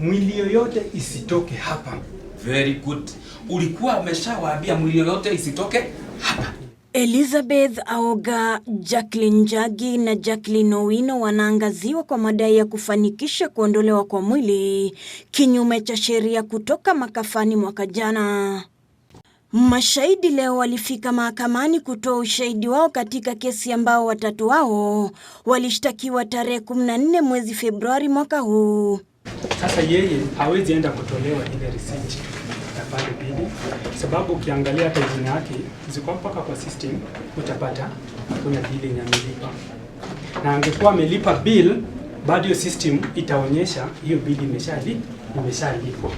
mwili yoyote isitoke hapa. Very good. Ulikuwa ameshawaambia mwili yoyote isitoke hapa. Elizabeth Aoga, Jacqueline Njagi na Jacqueline Owino wanaangaziwa kwa madai ya kufanikisha kuondolewa kwa mwili kinyume cha sheria kutoka makafani mwaka jana. Mashahidi leo walifika mahakamani kutoa ushahidi wao katika kesi ambao watatu wao walishtakiwa tarehe 14 mwezi Februari mwaka huu. Sasa yeye hawezi enda kutolewa ile receipt ya pale bili sababu ukiangalia hata jina yake ziko mpaka kwa system, utapata hakuna bili yenye amelipa, na angekuwa amelipa bill bado system itaonyesha hiyo bili imeshali imeshalipwa.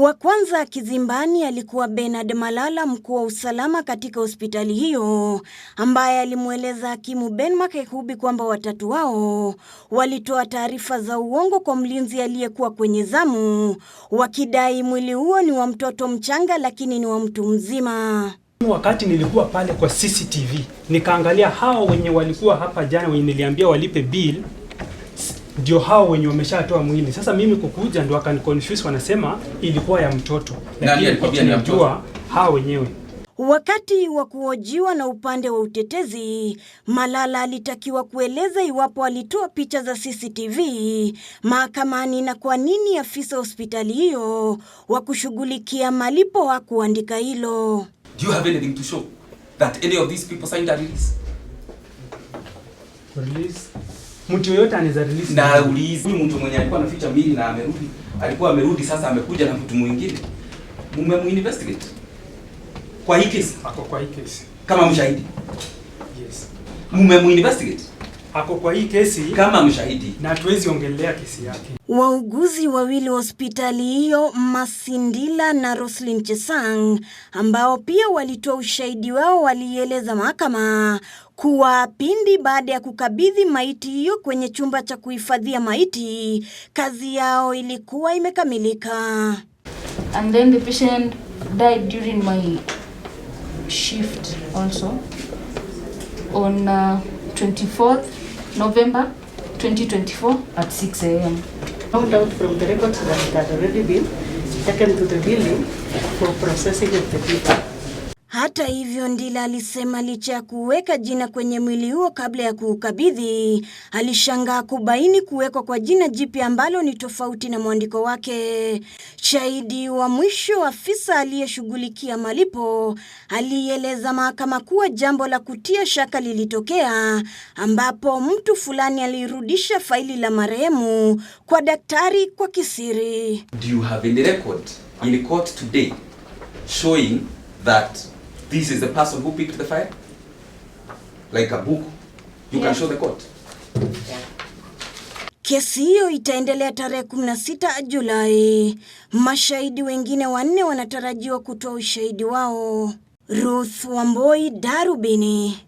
Wa kwanza kizimbani alikuwa Bernard Malala, mkuu wa usalama katika hospitali hiyo, ambaye alimweleza hakimu ben makehubi kwamba watatu wao walitoa taarifa za uongo kwa mlinzi aliyekuwa kwenye zamu, wakidai mwili huo ni wa mtoto mchanga, lakini ni wa mtu mzima. Wakati nilikuwa pale kwa CCTV nikaangalia hao wenye walikuwa hapa jana, wenye niliambia walipe bill ndio hao wenye wameshatoa mwili. Sasa mimi kukuja ndio confuse, wanasema ilikuwa ya mtoto, lakini tunajua hao wenyewe. Wakati wa kuhojiwa na upande wa utetezi, Malala alitakiwa kueleza iwapo alitoa picha za CCTV mahakamani na kwa nini afisa hospitali hiyo wa kushughulikia malipo kuandika hilo. Do you have anything to show that any of these people signed a release? Release? mtu yoyote anaweza release. Na release huyu mtu mwenye alikuwa anaficha mili na amerudi, alikuwa amerudi sasa amekuja na mtu mwingine. mume Mmemu investigate. Kwa hii kesi, kwa hii kesi. Kama mshahidi. Yes. mume Mmemu investigate ako kwa hii kesi kama mshahidi na tuwezi ongelea kesi yake. Wauguzi wawili wa hospitali hiyo Masindila na Roslyn Chesang, ambao pia walitoa ushahidi wao, walieleza mahakama kuwa pindi baada ya kukabidhi maiti hiyo kwenye chumba cha kuhifadhia maiti, kazi yao ilikuwa imekamilika. And then the patient died during my shift also on uh, 24th November 2024 at 6 a.m. Found out from the records that had already been taken to the building for processing of the people. Hata hivyo, Ndila alisema licha ya kuweka jina kwenye mwili huo kabla ya kuukabidhi, alishangaa kubaini kuwekwa kwa jina jipya ambalo ni tofauti na mwandiko wake. Shahidi wa mwisho, afisa aliyeshughulikia malipo, alieleza mahakama kuwa jambo la kutia shaka lilitokea ambapo mtu fulani alirudisha faili la marehemu kwa daktari kwa kisiri. Do you have any record in court today showing that this is the person who picked the fire? Like a book. You yeah. can show the court. Kesi hiyo itaendelea tarehe 16 Julai. Mashahidi wengine wanne wanatarajiwa kutoa ushahidi wao. Ruth Wamboi, Darubini.